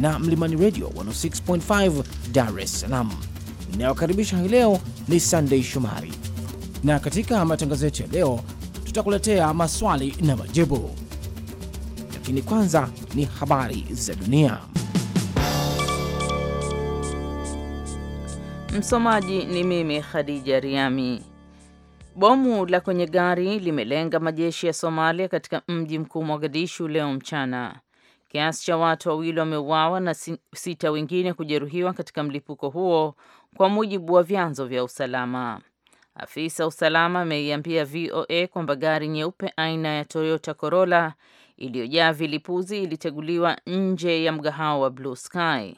na Mlimani Radio 106.5 Dar es Salaam. Inayokaribisha hii leo ni Sunday Shomari, na katika matangazo yetu ya leo tutakuletea maswali na majibu, lakini kwanza ni habari za dunia. Msomaji ni mimi Khadija Riami. Bomu la kwenye gari limelenga majeshi ya Somalia katika mji mkuu Mogadishu leo mchana. Kiasi cha watu wawili wameuawa na sita wengine kujeruhiwa katika mlipuko huo, kwa mujibu wa vyanzo vya usalama. Afisa usalama ameiambia VOA kwamba gari nyeupe aina ya Toyota Corolla iliyojaa vilipuzi iliteguliwa nje ya mgahawa wa Blue Sky.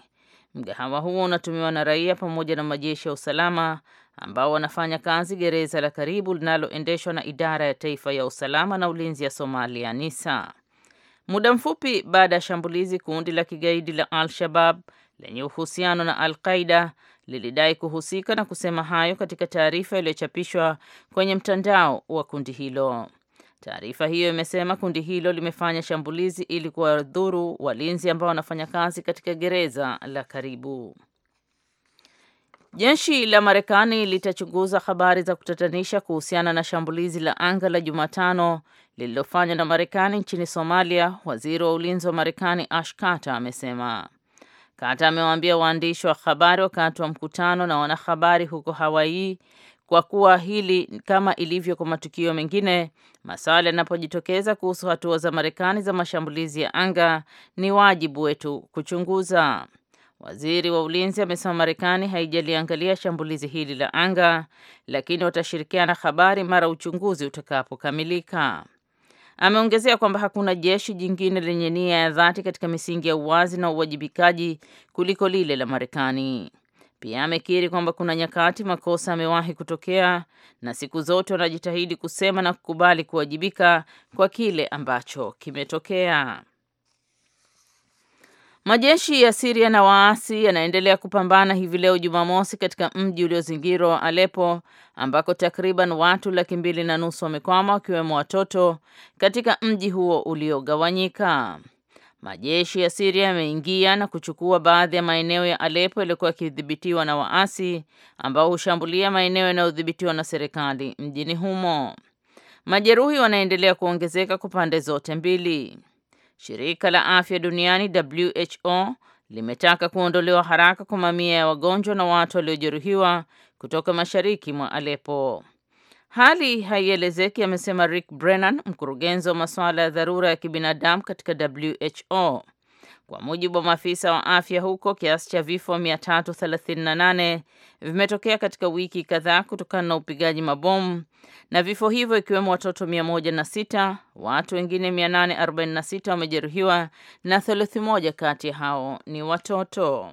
Mgahawa huo unatumiwa na raia pamoja na majeshi ya usalama ambao wanafanya kazi gereza la karibu linaloendeshwa na idara ya taifa ya usalama na ulinzi ya Somalia, NISA. Muda mfupi baada ya shambulizi, kundi la kigaidi la Al-Shabab lenye uhusiano na Al-Qaida lilidai kuhusika na kusema hayo katika taarifa iliyochapishwa kwenye mtandao wa kundi hilo. Taarifa hiyo imesema kundi hilo limefanya shambulizi ili kuwadhuru walinzi ambao wanafanya kazi katika gereza la karibu. Jeshi la Marekani litachunguza habari za kutatanisha kuhusiana na shambulizi la anga la Jumatano lililofanywa na Marekani nchini Somalia, waziri wa ulinzi wa Marekani Ash Carter amesema. Carter amewaambia waandishi wa habari wakati wa mkutano na wanahabari huko Hawaii kwa kuwa hili kama ilivyo kwa matukio mengine, masuala yanapojitokeza kuhusu hatua za Marekani za mashambulizi ya anga, ni wajibu wetu kuchunguza. Waziri wa ulinzi amesema Marekani haijaliangalia shambulizi hili la anga, lakini watashirikiana habari mara uchunguzi utakapokamilika. Ameongezea kwamba hakuna jeshi jingine lenye nia ya dhati katika misingi ya uwazi na uwajibikaji kuliko lile la Marekani. Pia amekiri kwamba kuna nyakati makosa amewahi kutokea na siku zote wanajitahidi kusema na kukubali kuwajibika kwa kile ambacho kimetokea. Majeshi ya Siria na waasi yanaendelea kupambana hivi leo Jumamosi katika mji uliozingirwa wa Alepo ambako takriban watu laki mbili na nusu wamekwama wakiwemo watoto katika mji huo uliogawanyika. Majeshi ya Siria yameingia na kuchukua baadhi ya maeneo ya Alepo yaliyokuwa yakidhibitiwa na waasi ambao hushambulia maeneo yanayodhibitiwa na serikali mjini humo. Majeruhi wanaendelea kuongezeka kwa pande zote mbili. Shirika la afya duniani WHO limetaka kuondolewa haraka kwa mamia ya wagonjwa na watu waliojeruhiwa kutoka mashariki mwa Aleppo. Hali haielezeki, amesema Rick Brennan, mkurugenzi wa masuala ya dharura ya kibinadamu katika WHO. Kwa mujibu wa maafisa wa afya huko, kiasi cha vifo 338 vimetokea katika wiki kadhaa kutokana na upigaji mabomu, na vifo hivyo ikiwemo watoto 106. Watu wengine 846 wamejeruhiwa na theluthi moja kati ya hao ni watoto.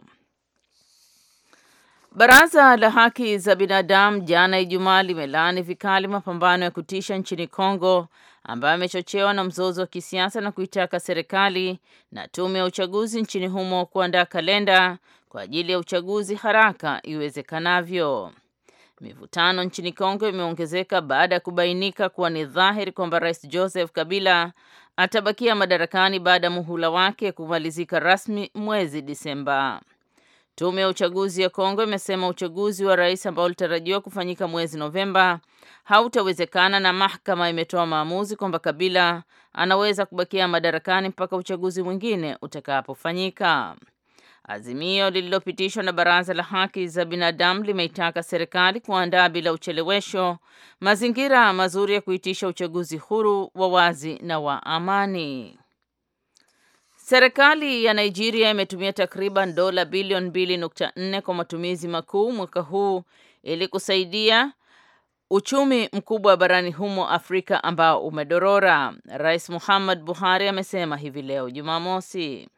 Baraza la Haki za Binadamu jana Ijumaa limelaani vikali mapambano ya kutisha nchini Kongo ambayo amechochewa na mzozo wa kisiasa na kuitaka serikali na tume ya uchaguzi nchini humo kuandaa kalenda kwa ajili ya uchaguzi haraka iwezekanavyo. Mivutano nchini Kongo imeongezeka baada ya kubainika kuwa ni dhahiri kwamba Rais Joseph Kabila atabakia madarakani baada ya muhula wake kumalizika rasmi mwezi Disemba. Tume ya uchaguzi ya Kongo imesema uchaguzi wa rais ambao ulitarajiwa kufanyika mwezi Novemba hautawezekana na mahakama imetoa maamuzi kwamba Kabila anaweza kubakia madarakani mpaka uchaguzi mwingine utakapofanyika. Azimio lililopitishwa na Baraza la Haki za Binadamu limeitaka serikali kuandaa bila uchelewesho mazingira mazuri ya kuitisha uchaguzi huru wa wazi na wa amani. Serikali ya Nigeria imetumia takriban dola bilioni 2.4 kwa matumizi makuu mwaka huu ili kusaidia uchumi mkubwa barani humo Afrika ambao umedorora. Rais Muhammad Buhari amesema hivi leo Jumamosi.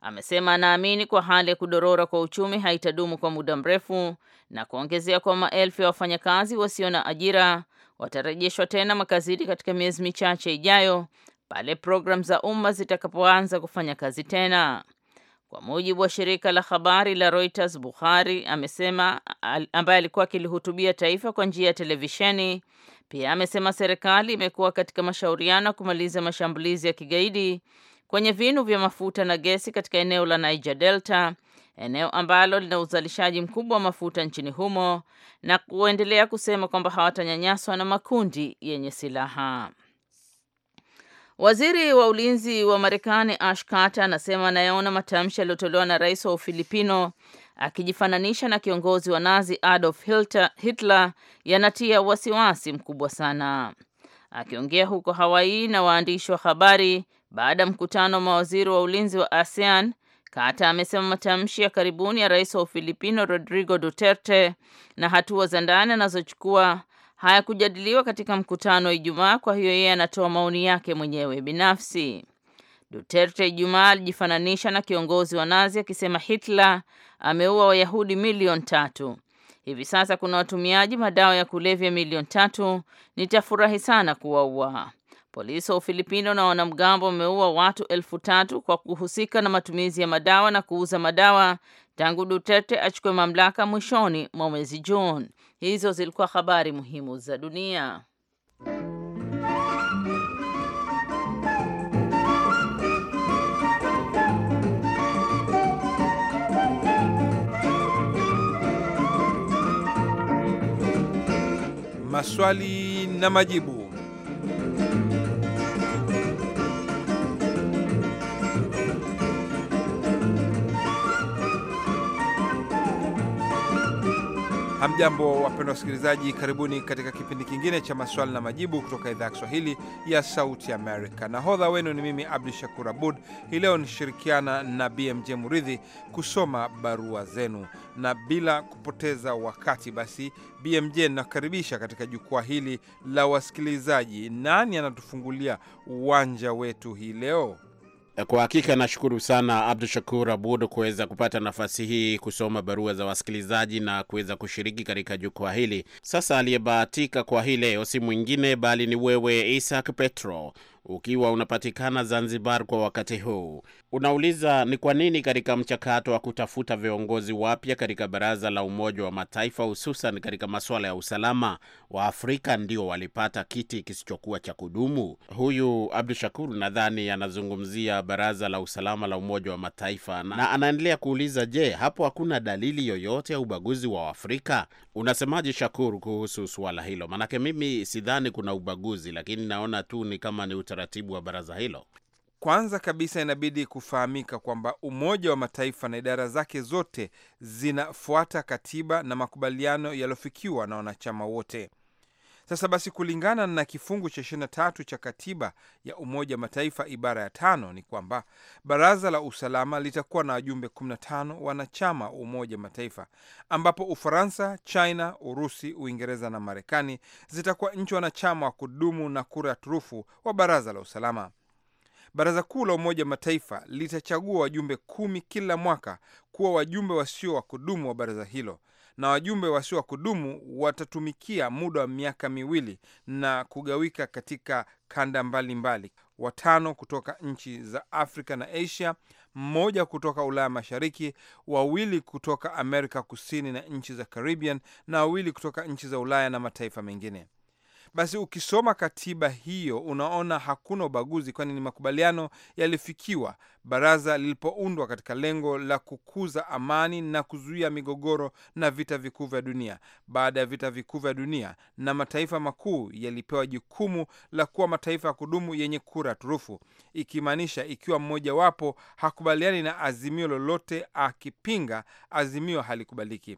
Amesema anaamini kwa hali ya kudorora kwa uchumi haitadumu kwa muda mrefu na kuongezea kwa maelfu ya wafanyakazi wasio na ajira watarejeshwa tena makazini katika miezi michache ijayo pale programu za umma zitakapoanza kufanya kazi tena. Kwa mujibu wa shirika la habari la Reuters, Buhari amesema ambaye alikuwa akilihutubia taifa kwa njia ya televisheni pia amesema serikali imekuwa katika mashauriano ya kumaliza mashambulizi ya kigaidi kwenye vinu vya mafuta na gesi katika eneo la Niger Delta, eneo ambalo lina uzalishaji mkubwa wa mafuta nchini humo, na kuendelea kusema kwamba hawatanyanyaswa na makundi yenye silaha. Waziri wa ulinzi wa Marekani Ash Carter anasema anayaona matamshi yaliyotolewa na rais wa Ufilipino akijifananisha na kiongozi wa Nazi Adolf Hitler yanatia wasiwasi mkubwa sana. Akiongea huko Hawaii na waandishi wa habari baada ya mkutano wa mawaziri wa ulinzi wa ASEAN, Carter amesema matamshi ya karibuni ya rais wa Ufilipino Rodrigo Duterte na hatua za ndani anazochukua hayakujadiliwa katika mkutano wa Ijumaa, kwa hiyo yeye anatoa maoni yake mwenyewe binafsi. Duterte Ijumaa alijifananisha na kiongozi wa Nazi akisema Hitler ameua Wayahudi milioni tatu. Hivi sasa kuna watumiaji madawa ya kulevya milioni tatu, nitafurahi sana kuwaua. Polisi wa Ufilipino na wanamgambo wameua watu elfu tatu kwa kuhusika na matumizi ya madawa na kuuza madawa tangu Duterte achukue mamlaka mwishoni mwa mwezi Juni. Hizo zilikuwa habari muhimu za dunia. Maswali na majibu. Hamjambo, wapendwa wasikilizaji, karibuni katika kipindi kingine cha maswali na majibu kutoka idhaa ya Kiswahili ya Sauti Amerika. Nahodha wenu ni mimi Abdu Shakur Abud. Hii leo nishirikiana na BMJ Muridhi kusoma barua zenu, na bila kupoteza wakati, basi BMJ nakaribisha katika jukwaa hili la wasikilizaji. Nani anatufungulia uwanja wetu hii leo? Eh, kwa hakika nashukuru sana Abdu Shakur Abud kuweza kupata nafasi hii kusoma barua za wasikilizaji na kuweza kushiriki katika jukwaa hili. Sasa aliyebahatika kwa hii leo si mwingine bali ni wewe Isak Petro ukiwa unapatikana Zanzibar kwa wakati huu. Unauliza ni kwa nini katika mchakato wa kutafuta viongozi wapya katika Baraza la Umoja wa Mataifa, hususan katika masuala ya usalama, wa Afrika ndio walipata kiti kisichokuwa cha kudumu. Huyu Abdu Shakur nadhani anazungumzia Baraza la Usalama la Umoja wa Mataifa na anaendelea kuuliza, je, hapo hakuna dalili yoyote ya ubaguzi wa Afrika? Unasemaje Shakuru kuhusu suala hilo? Maanake mimi sidhani kuna ubaguzi, lakini naona tu ni kama ni utaratibu wa baraza hilo. Kwanza kabisa inabidi kufahamika kwamba Umoja wa Mataifa na idara zake zote zinafuata katiba na makubaliano yaliyofikiwa na wanachama wote. Sasa basi, kulingana na kifungu cha 23 cha katiba ya Umoja wa Mataifa ibara ya tano ni kwamba baraza la usalama litakuwa na wajumbe 15 wanachama wa Umoja wa Mataifa, ambapo Ufaransa, China, Urusi, Uingereza na Marekani zitakuwa nchi wanachama wa kudumu na kura ya turufu wa baraza la usalama. Baraza Kuu la Umoja wa Mataifa litachagua wajumbe kumi kila mwaka kuwa wajumbe wasio wa kudumu wa baraza hilo na wajumbe wasio wa kudumu watatumikia muda wa miaka miwili na kugawika katika kanda mbalimbali mbali. Watano kutoka nchi za Afrika na Asia, mmoja kutoka Ulaya Mashariki, wawili kutoka Amerika Kusini na nchi za Caribbean, na wawili kutoka nchi za Ulaya na mataifa mengine. Basi ukisoma katiba hiyo unaona hakuna ubaguzi, kwani ni makubaliano yalifikiwa baraza lilipoundwa katika lengo la kukuza amani na kuzuia migogoro na vita vikuu vya dunia. Baada ya vita vikuu vya dunia, na mataifa makuu yalipewa jukumu la kuwa mataifa ya kudumu yenye kura turufu, ikimaanisha ikiwa mmojawapo hakubaliani na azimio lolote, akipinga azimio halikubaliki.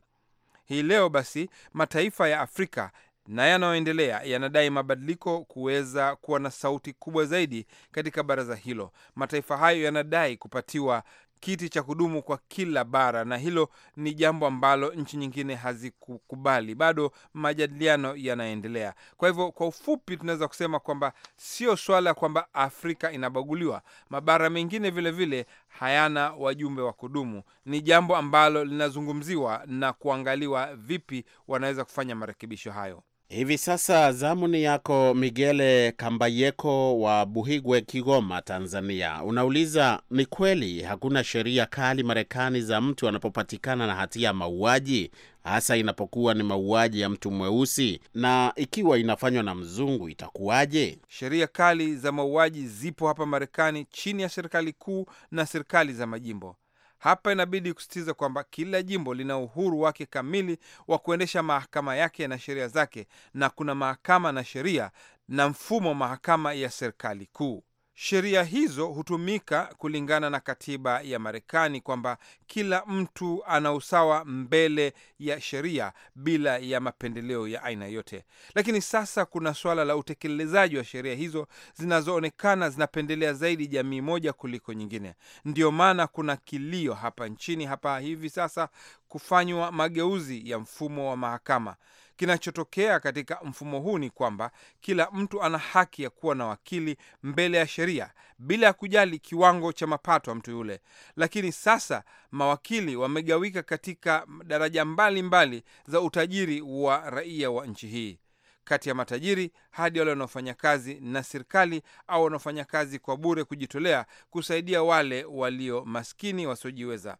Hii leo basi mataifa ya Afrika na yanayoendelea yanadai mabadiliko kuweza kuwa na sauti kubwa zaidi katika baraza hilo. Mataifa hayo yanadai kupatiwa kiti cha kudumu kwa kila bara, na hilo ni jambo ambalo nchi nyingine hazikukubali. Bado majadiliano yanaendelea. Kwa hivyo, kwa ufupi, tunaweza kusema kwamba sio swala kwamba Afrika inabaguliwa. Mabara mengine vilevile vile hayana wajumbe wa kudumu. Ni jambo ambalo linazungumziwa na kuangaliwa vipi wanaweza kufanya marekebisho hayo. Hivi sasa zamu ni yako Migele Kambayeko wa Buhigwe, Kigoma, Tanzania. Unauliza, ni kweli hakuna sheria kali Marekani za mtu anapopatikana na hatia ya mauaji, hasa inapokuwa ni mauaji ya mtu mweusi? Na ikiwa inafanywa na mzungu itakuwaje? Sheria kali za mauaji zipo hapa Marekani chini ya serikali kuu na serikali za majimbo. Hapa inabidi kusisitiza kwamba kila jimbo lina uhuru wake kamili wa kuendesha mahakama yake na sheria zake, na kuna mahakama na sheria na mfumo wa mahakama ya serikali kuu. Sheria hizo hutumika kulingana na katiba ya Marekani kwamba kila mtu ana usawa mbele ya sheria bila ya mapendeleo ya aina yote. Lakini sasa kuna suala la utekelezaji wa sheria hizo zinazoonekana zinapendelea zaidi jamii moja kuliko nyingine. Ndiyo maana kuna kilio hapa nchini hapa hivi sasa kufanywa mageuzi ya mfumo wa mahakama. Kinachotokea katika mfumo huu ni kwamba kila mtu ana haki ya kuwa na wakili mbele ya sheria bila ya kujali kiwango cha mapato ya mtu yule. Lakini sasa mawakili wamegawika katika daraja mbalimbali mbali za utajiri wa raia wa nchi hii, kati ya matajiri hadi wale wanaofanya kazi na serikali au wanaofanya kazi kwa bure, kujitolea kusaidia wale walio maskini wasiojiweza.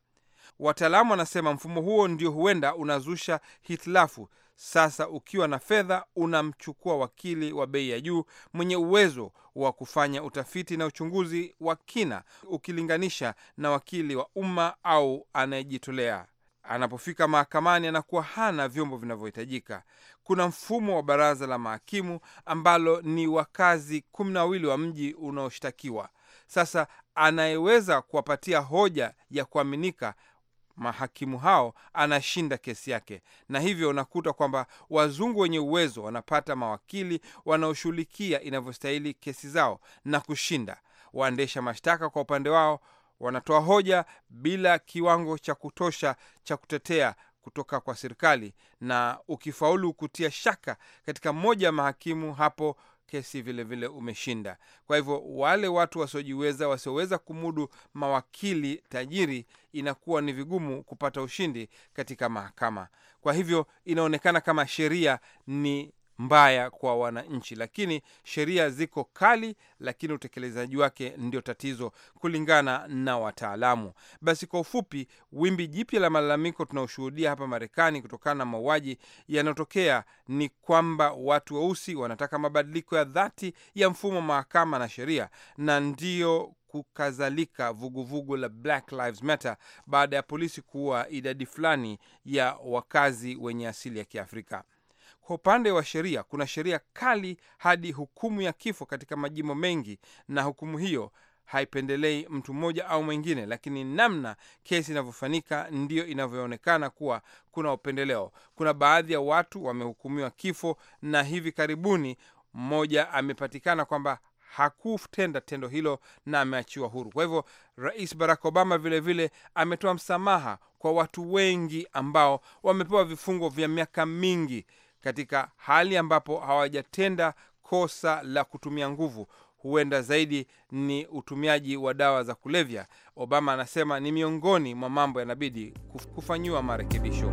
Wataalamu wanasema mfumo huo ndio huenda unazusha hitilafu sasa ukiwa na fedha unamchukua wakili wa bei ya juu mwenye uwezo wa kufanya utafiti na uchunguzi wa kina, ukilinganisha na wakili wa umma au anayejitolea. Anapofika mahakamani, anakuwa hana vyombo vinavyohitajika. Kuna mfumo wa baraza la mahakimu ambalo ni wakazi kumi na wawili wa mji unaoshtakiwa. Sasa anayeweza kuwapatia hoja ya kuaminika mahakimu hao anashinda kesi yake, na hivyo unakuta kwamba wazungu wenye uwezo wanapata mawakili wanaoshughulikia inavyostahili kesi zao na kushinda. Waendesha mashtaka kwa upande wao wanatoa hoja bila kiwango cha kutosha cha kutetea kutoka kwa serikali, na ukifaulu kutia shaka katika mmoja ya mahakimu hapo kesi vilevile vile umeshinda. Kwa hivyo wale watu wasiojiweza, wasioweza kumudu mawakili tajiri, inakuwa ni vigumu kupata ushindi katika mahakama. Kwa hivyo inaonekana kama sheria ni mbaya kwa wananchi, lakini sheria ziko kali, lakini utekelezaji wake ndio tatizo, kulingana na wataalamu. Basi kwa ufupi, wimbi jipya la malalamiko tunaoshuhudia hapa Marekani kutokana na mauaji yanayotokea ni kwamba watu weusi wanataka mabadiliko ya dhati ya mfumo wa mahakama na sheria, na ndio kukazalika vuguvugu la Black Lives Matter baada ya polisi kuua idadi fulani ya wakazi wenye asili ya Kiafrika. Kwa upande wa sheria, kuna sheria kali hadi hukumu ya kifo katika majimbo mengi, na hukumu hiyo haipendelei mtu mmoja au mwingine, lakini namna kesi inavyofanyika ndiyo inavyoonekana kuwa kuna upendeleo. Kuna baadhi ya watu wamehukumiwa kifo, na hivi karibuni mmoja amepatikana kwamba hakutenda tendo hilo na ameachiwa huru. Kwa hivyo Rais Barack Obama vilevile ametoa msamaha kwa watu wengi ambao wamepewa vifungo vya miaka mingi katika hali ambapo hawajatenda kosa la kutumia nguvu, huenda zaidi ni utumiaji wa dawa za kulevya. Obama anasema ni miongoni mwa mambo yanabidi kufanyiwa marekebisho.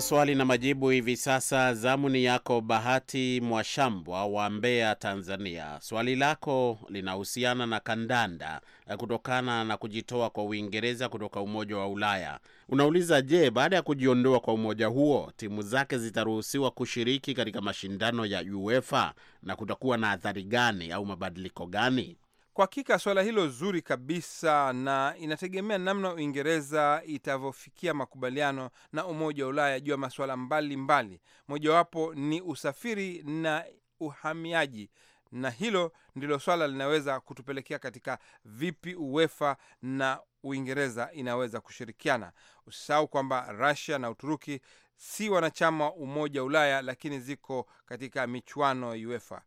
maswali na majibu hivi sasa. Zamu ni yako Bahati Mwashambwa wa Mbeya, Tanzania. Swali lako linahusiana na kandanda eh, kutokana na kujitoa kwa Uingereza kutoka Umoja wa Ulaya. Unauliza, je, baada ya kujiondoa kwa umoja huo timu zake zitaruhusiwa kushiriki katika mashindano ya UEFA na kutakuwa na athari gani au mabadiliko gani? Kwa hakika suala hilo zuri kabisa, na inategemea namna Uingereza itavyofikia makubaliano na Umoja wa Ulaya juu ya masuala mbalimbali, mojawapo ni usafiri na uhamiaji, na hilo ndilo swala linaweza kutupelekea katika vipi UEFA na Uingereza inaweza kushirikiana. Usisahau kwamba Russia na Uturuki si wanachama wa Umoja wa Ulaya, lakini ziko katika michuano ya UEFA.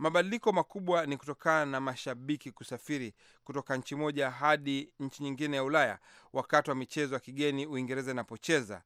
Mabadiliko makubwa ni kutokana na mashabiki kusafiri kutoka nchi moja hadi nchi nyingine ya Ulaya wakati wa michezo ya kigeni Uingereza inapocheza,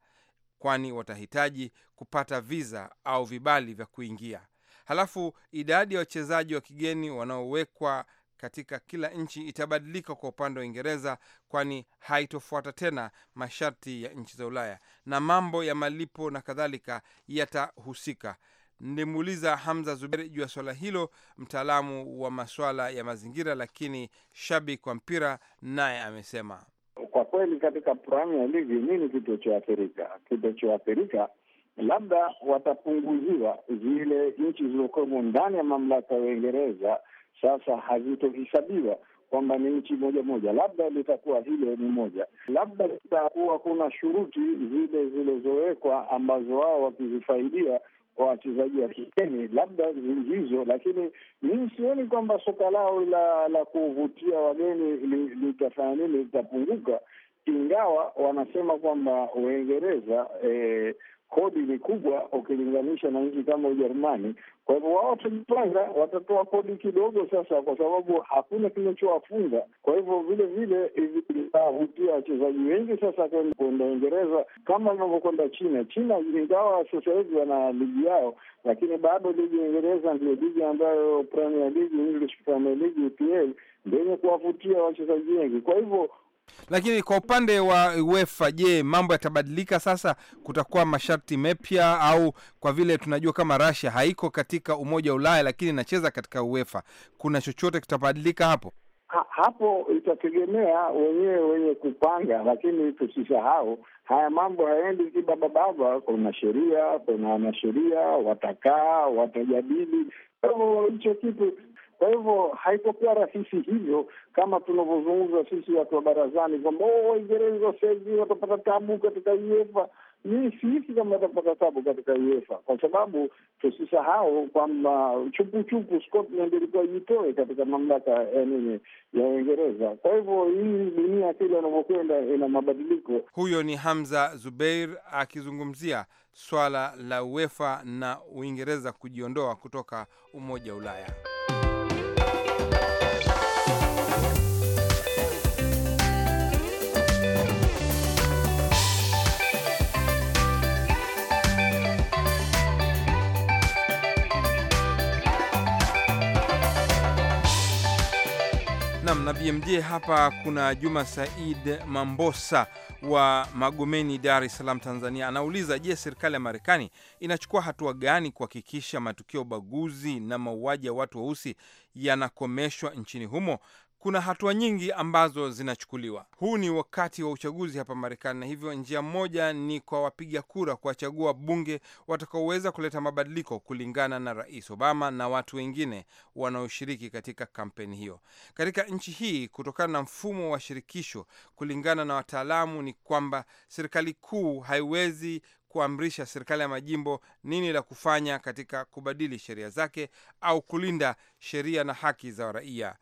kwani watahitaji kupata viza au vibali vya kuingia. Halafu idadi ya wachezaji wa kigeni wanaowekwa katika kila nchi itabadilika kwa upande wa Uingereza, kwani haitofuata tena masharti ya nchi za Ulaya, na mambo ya malipo na kadhalika yatahusika. Nilimuuliza Hamza zuber juu ya swala hilo, mtaalamu wa maswala ya mazingira, lakini shabiki wa mpira naye amesema kwa kweli, katika Premier League nini kitochoathirika? Kitochoathirika labda watapunguziwa zile nchi zilizokuwemo ndani ya mamlaka ya Uingereza, sasa hazitohesabiwa kwamba ni nchi moja moja, labda litakuwa hilo ni moja, labda litakuwa kuna shuruti zile zilizowekwa ambazo wao wakizifaidia kwa wachezaji wa kigeni, labda viingizo, lakini mi sioni kwamba soka lao la la kuvutia wageni litafanya nini, litapunguka, ingawa wanasema kwamba Uingereza eh, kodi ni kubwa ukilinganisha na nchi kama Ujerumani. Kwa hivyo wao tumepanga watatoa kodi kidogo sasa, kwa sababu hakuna kinachowafunga. Kwa hivyo vile vile hivi vitavutia wachezaji wengi sasa kwenda Uingereza kama inavyokwenda China. China ingawa sasa hivi wana ligi yao, lakini bado ligi ya Uingereza ndio ligi ambayo Premier League, English Premier League, EPL ndio yenye kuwavutia wachezaji wengi. Kwa hivyo lakini kwa upande wa UEFA, je, mambo yatabadilika sasa? Kutakuwa masharti mepya, au kwa vile tunajua kama Russia haiko katika umoja wa Ulaya lakini inacheza katika UEFA, kuna chochote kitabadilika hapo? Ha, hapo itategemea wenyewe wenye kupanga, lakini tusisahau haya mambo haendi kibabababa. Kuna sheria, kuna wanasheria watakaa, watajadili hicho kitu kwa hivyo haikokuwa rahisi hivyo kama tunavyozungumza sisi watu wa barazani kwamba oh, Waingereza sahizi watapata tabu katika UEFA. Ni sihisi kama watapata tabu katika UEFA kwa sababu tusisahau kwamba chupuchupu Scotland ilikuwa jitoe katika mamlaka ya nini ya Uingereza. Kwa hivyo hii dunia kile inavyokwenda ina mabadiliko. Huyo ni Hamza Zubeir akizungumzia swala la UEFA na Uingereza kujiondoa kutoka Umoja wa Ulaya. BMJ hapa kuna Juma Said Mambosa wa Magomeni, Dar es Salaam, Tanzania, anauliza je, serikali ya Marekani inachukua hatua gani kuhakikisha matukio ya ubaguzi na mauaji ya watu weusi yanakomeshwa nchini humo, kuna hatua nyingi ambazo zinachukuliwa. Huu ni wakati wa uchaguzi hapa Marekani, na hivyo njia moja ni kwa wapiga kura kuwachagua bunge watakaoweza kuleta mabadiliko kulingana na Rais Obama na watu wengine wanaoshiriki katika kampeni hiyo. Katika nchi hii, kutokana na mfumo wa shirikisho, kulingana na wataalamu, ni kwamba serikali kuu haiwezi kuamrisha serikali ya majimbo nini la kufanya katika kubadili sheria zake au kulinda sheria na haki za raia.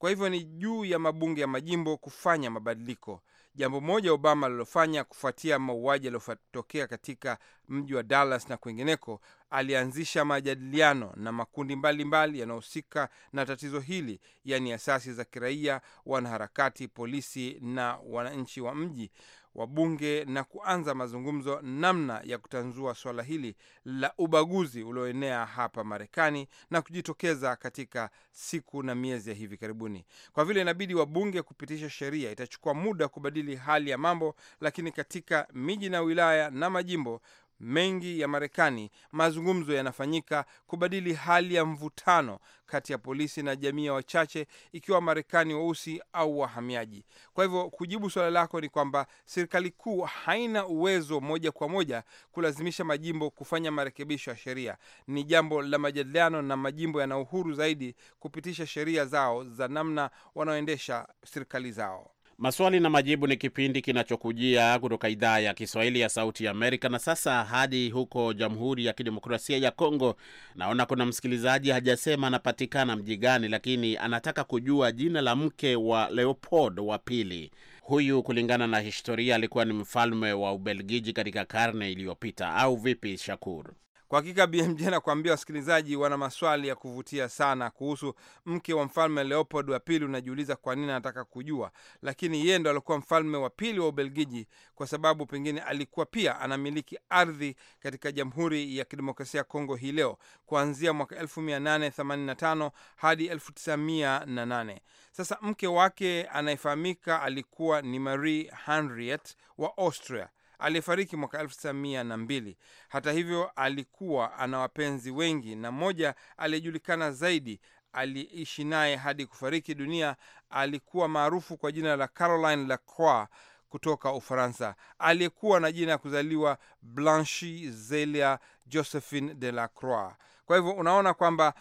Kwa hivyo ni juu ya mabunge ya majimbo kufanya mabadiliko. Jambo moja Obama alilofanya kufuatia mauaji yaliyotokea katika mji wa Dallas na kwingineko, alianzisha majadiliano na makundi mbalimbali yanayohusika na tatizo hili, yaani asasi za kiraia, wanaharakati, polisi na wananchi wa mji, wa bunge na kuanza mazungumzo namna ya kutanzua suala hili la ubaguzi ulioenea hapa Marekani na kujitokeza katika siku na miezi ya hivi karibuni. Kwa vile inabidi wabunge kupitisha sheria, itachukua muda kubadili hali ya mambo, lakini katika miji na wilaya na majimbo mengi ya Marekani mazungumzo yanafanyika kubadili hali ya mvutano kati ya polisi na jamii ya wachache, ikiwa marekani weusi au wahamiaji. Kwa hivyo kujibu suala lako ni kwamba serikali kuu haina uwezo moja kwa moja kulazimisha majimbo kufanya marekebisho ya sheria. Ni jambo la majadiliano, na majimbo yana uhuru zaidi kupitisha sheria zao za namna wanaoendesha serikali zao. Maswali na Majibu ni kipindi kinachokujia kutoka idhaa ya Kiswahili ya Sauti Amerika. Na sasa hadi huko Jamhuri ya Kidemokrasia ya congo naona kuna msikilizaji hajasema anapatikana mji gani, lakini anataka kujua jina la mke wa Leopold wa pili. Huyu kulingana na historia alikuwa ni mfalme wa Ubelgiji katika karne iliyopita, au vipi, Shakur? Kwa hakika BMJ nakuambia wasikilizaji wana maswali ya kuvutia sana kuhusu mke wa mfalme Leopold wa pili. Unajiuliza kwa nini anataka kujua, lakini yeye ndo alikuwa mfalme wa pili wa Ubelgiji, kwa sababu pengine alikuwa pia anamiliki ardhi katika Jamhuri ya Kidemokrasia ya Kongo hii leo kuanzia mwaka 1885 hadi 1908. Sasa mke wake anayefahamika alikuwa ni Marie Henriette wa Austria aliyefariki mwaka 1902. Hata hivyo, alikuwa ana wapenzi wengi na mmoja aliyejulikana zaidi aliishi naye hadi kufariki dunia. Alikuwa maarufu kwa jina la Caroline Lacroix kutoka Ufaransa, aliyekuwa na jina ya kuzaliwa Blanche Zelia Josephine de la Croix. Kwa hivyo unaona kwamba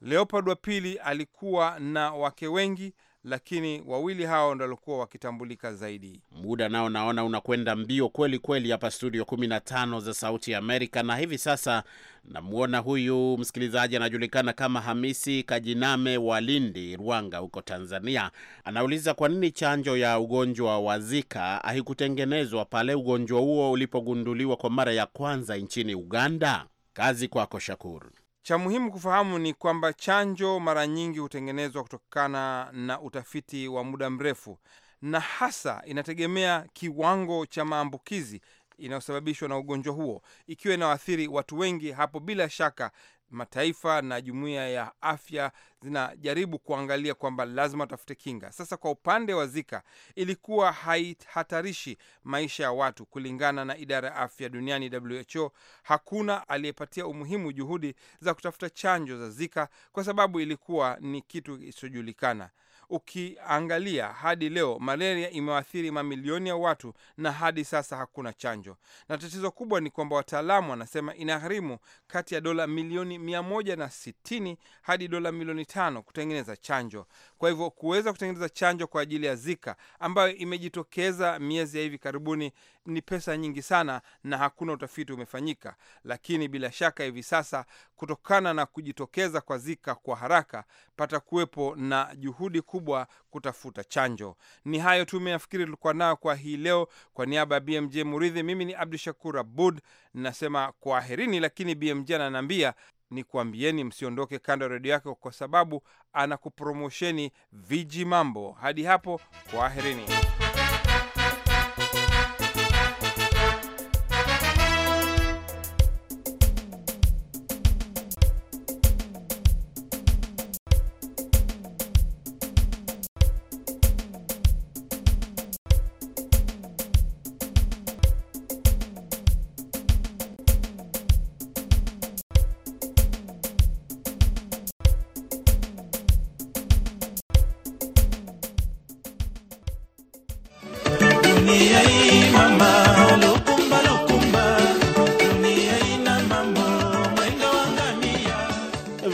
Leopold wa pili alikuwa na wake wengi lakini wawili hao ndo walikuwa wakitambulika zaidi. Muda nao naona unakwenda mbio kweli kweli hapa studio 15 za Sauti ya Amerika, na hivi sasa namwona huyu msikilizaji anajulikana kama Hamisi Kajiname wa Lindi, Rwanga huko Tanzania. Anauliza kwa nini chanjo ya ugonjwa wa Zika haikutengenezwa pale ugonjwa huo ulipogunduliwa kwa mara ya kwanza nchini Uganda. Kazi kwako Shakuru. Cha muhimu kufahamu ni kwamba chanjo mara nyingi hutengenezwa kutokana na utafiti wa muda mrefu, na hasa inategemea kiwango cha maambukizi inayosababishwa na ugonjwa huo. Ikiwa inawaathiri watu wengi, hapo bila shaka Mataifa na jumuiya ya afya zinajaribu kuangalia kwamba lazima watafute kinga. Sasa kwa upande wa Zika ilikuwa haihatarishi maisha ya watu, kulingana na idara ya afya duniani WHO. Hakuna aliyepatia umuhimu juhudi za kutafuta chanjo za Zika kwa sababu ilikuwa ni kitu kisichojulikana. Ukiangalia hadi leo, malaria imewaathiri mamilioni ya watu na hadi sasa hakuna chanjo, na tatizo kubwa ni kwamba wataalamu wanasema inagharimu kati ya dola milioni 160 hadi dola milioni tano kutengeneza chanjo. Kwa hivyo kuweza kutengeneza chanjo kwa ajili ya Zika ambayo imejitokeza miezi ya hivi karibuni ni pesa nyingi sana, na hakuna utafiti umefanyika. Lakini bila shaka hivi sasa, kutokana na kujitokeza kwa Zika kwa haraka, pata kuwepo na juhudi kubwa kutafuta chanjo. Ni hayo tu meyafikiri tulikuwa nayo kwa hii leo. Kwa niaba ya BMJ Muridhi, mimi ni Abdu Shakur Abud nasema kwaherini, lakini BMJ ananiambia ni kuambieni msiondoke kando ya redio yako, kwa sababu anakupromosheni viji mambo. Hadi hapo, kwaherini.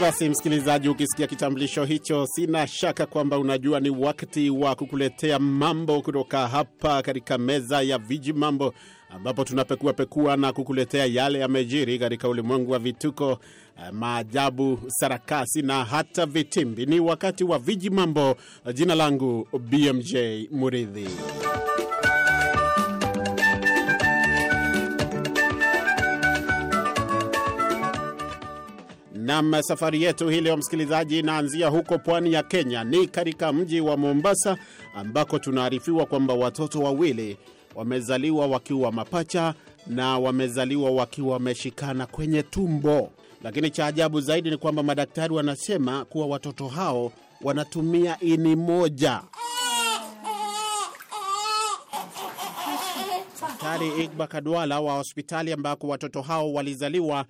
Basi msikilizaji, ukisikia kitambulisho hicho, sina shaka kwamba unajua ni wakati wa kukuletea mambo kutoka hapa katika meza ya viji mambo, ambapo tunapekua pekua na kukuletea yale yamejiri katika ulimwengu wa vituko, maajabu, sarakasi na hata vitimbi. Ni wakati wa viji mambo. Jina langu BMJ Muridhi. Nam, safari yetu hii leo msikilizaji, inaanzia huko pwani ya Kenya, ni katika mji wa Mombasa, ambako tunaarifiwa kwamba watoto wawili wamezaliwa wakiwa mapacha na wamezaliwa wakiwa wameshikana kwenye tumbo. Lakini cha ajabu zaidi ni kwamba madaktari wanasema kuwa watoto hao wanatumia ini moja. Daktari Igba Kadwala wa hospitali ambako watoto hao walizaliwa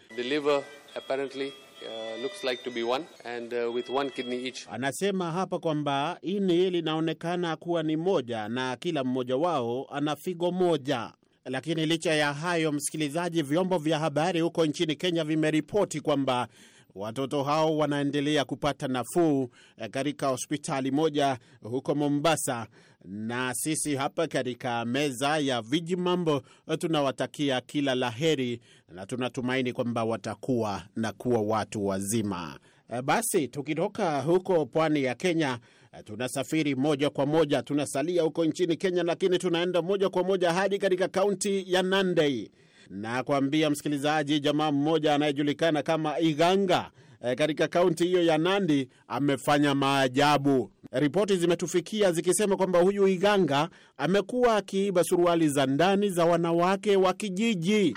apparently Uh, looks like to be one and uh, with one kidney each. Anasema hapa kwamba ini linaonekana kuwa ni moja na kila mmoja wao ana figo moja. Lakini licha ya hayo, msikilizaji, vyombo vya habari huko nchini Kenya vimeripoti kwamba Watoto hao wanaendelea kupata nafuu eh, katika hospitali moja huko Mombasa, na sisi hapa katika meza ya viji mambo eh, tunawatakia kila laheri na tunatumaini kwamba watakuwa na kuwa watu wazima. Eh, basi tukitoka huko pwani ya Kenya tunasafiri moja kwa moja, tunasalia huko nchini Kenya, lakini tunaenda moja kwa moja hadi katika kaunti ya Nandi na kuambia msikilizaji, jamaa mmoja anayejulikana kama Iganga e, katika kaunti hiyo ya Nandi amefanya maajabu. Ripoti zimetufikia zikisema kwamba huyu Iganga amekuwa akiiba suruali za ndani za wanawake wa kijiji.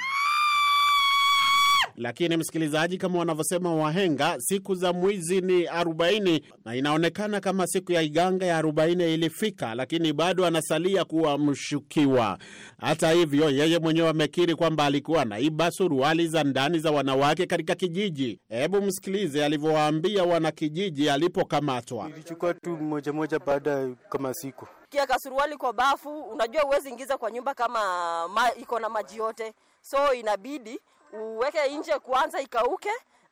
Lakini msikilizaji, kama wanavyosema wahenga, siku za mwizi ni arobaini, na inaonekana kama siku ya Iganga ya arobaini ilifika, lakini bado anasalia kuwa mshukiwa. Hata hivyo, yeye mwenyewe amekiri kwamba alikuwa anaiba suruali za ndani za wanawake katika kijiji. Hebu msikilize alivyowaambia wanakijiji alipokamatwa. Ilichukua tu moja moja baada kama siku kiaka suruali kwa bafu, unajua huwezi ingiza kwa nyumba kama ma, iko na maji yote, so inabidi uweke nje kwanza ikauke,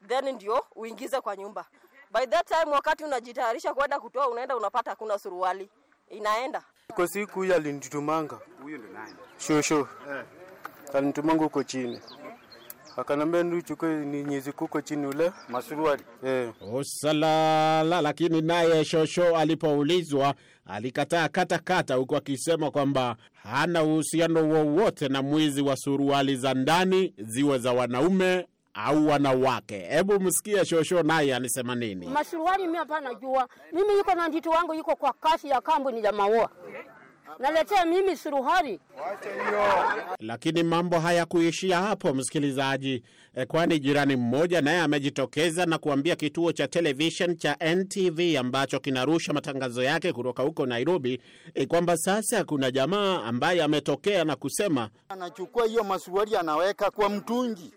then ndio uingize kwa nyumba. By that time wakati unajitayarisha kwenda kutoa, unaenda unapata hakuna suruali inaenda. Kwa siku huyu alinitumanga, huyu ndo nani? Shosho eh, alinitumanga huko chini akanambia ndio chukue ni nyezi kuko chini ule masuruari eh. Usalala. Oh, lakini naye Shosho alipoulizwa alikataa kata kata, huku akisema kwamba hana uhusiano wowote na mwizi wa suruali za ndani ziwe za wanaume au wanawake. Hebu msikie Shosho naye anasema nini. masuruari mimi hapana jua, mimi yuko na ndito wangu yuko kwa kasi ya kambu ni ya maua naletea mimi suruhari. Lakini mambo hayakuishia hapo, msikilizaji, eh, kwani jirani mmoja naye amejitokeza na kuambia kituo cha televishen cha NTV ambacho kinarusha matangazo yake kutoka huko Nairobi e, kwamba sasa kuna jamaa ambaye ametokea na kusema anachukua hiyo masuari anaweka kwa mtungi,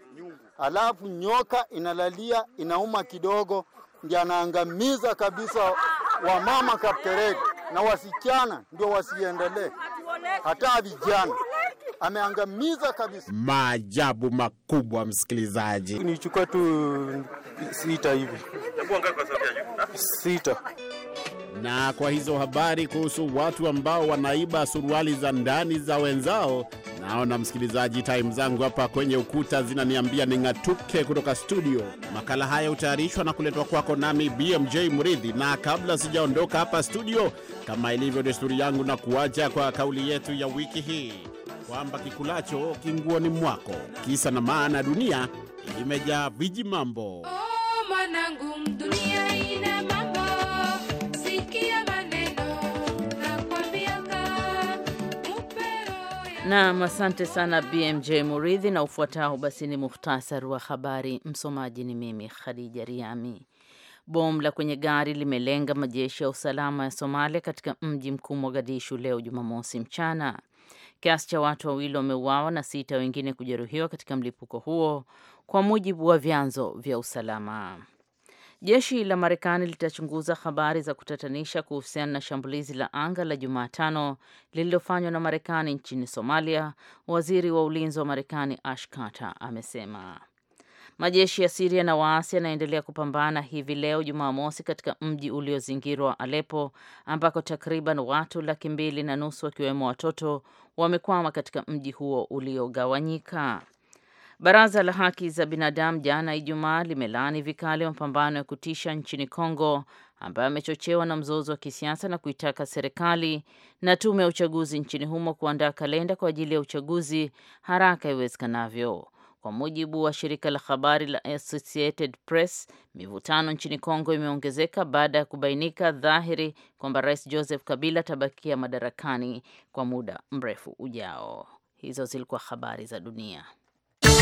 alafu nyoka inalalia inauma kidogo, ndio anaangamiza kabisa wamama Kapterek na wasichana ndio wasiendelee, hata vijana ameangamiza kabisa. Maajabu makubwa, msikilizaji. Nichukue tu sita hivi sita na kwa hizo habari kuhusu watu ambao wanaiba suruali za ndani za wenzao, naona msikilizaji, taimu zangu hapa kwenye ukuta zinaniambia ning'atuke kutoka studio. Makala haya hutayarishwa na kuletwa kwako nami BMJ mridhi na kabla sijaondoka hapa studio, kama ilivyo desturi yangu, na kuacha kwa kauli yetu ya wiki hii kwamba kikulacho kinguoni mwako. Kisa na maana, dunia imejaa viji mambo. Naam, asante sana BMJ Muridhi. Na ufuatao basi ni muhtasari wa habari. Msomaji ni mimi Khadija Riami. Bomu la kwenye gari limelenga majeshi ya usalama ya Somalia katika mji mkuu Mogadishu leo Jumamosi mchana. Kiasi cha watu wawili wameuawa na sita wengine kujeruhiwa katika mlipuko huo, kwa mujibu wa vyanzo vya usalama. Jeshi la Marekani litachunguza habari za kutatanisha kuhusiana na shambulizi la anga la Jumatano lililofanywa na Marekani nchini Somalia, waziri wa ulinzi wa Marekani Ash Carter amesema. Majeshi ya Siria na waasi yanaendelea kupambana hivi leo Jumamosi katika mji uliozingirwa Alepo ambako takriban watu laki mbili na nusu wakiwemo watoto wamekwama katika mji huo uliogawanyika. Baraza la Haki za Binadamu jana Ijumaa limelaani vikali mapambano ya kutisha nchini Kongo ambayo amechochewa na mzozo wa kisiasa na kuitaka serikali na tume ya uchaguzi nchini humo kuandaa kalenda kwa ajili ya uchaguzi haraka iwezekanavyo. Kwa mujibu wa shirika la habari la Associated Press, mivutano nchini Kongo imeongezeka baada ya kubainika dhahiri kwamba Rais Joseph Kabila atabakia madarakani kwa muda mrefu ujao. Hizo zilikuwa habari za dunia.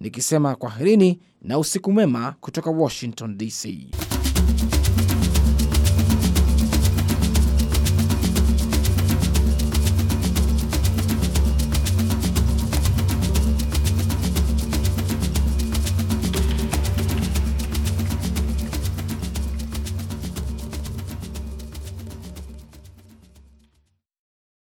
nikisema kwaherini na usiku mwema kutoka Washington DC.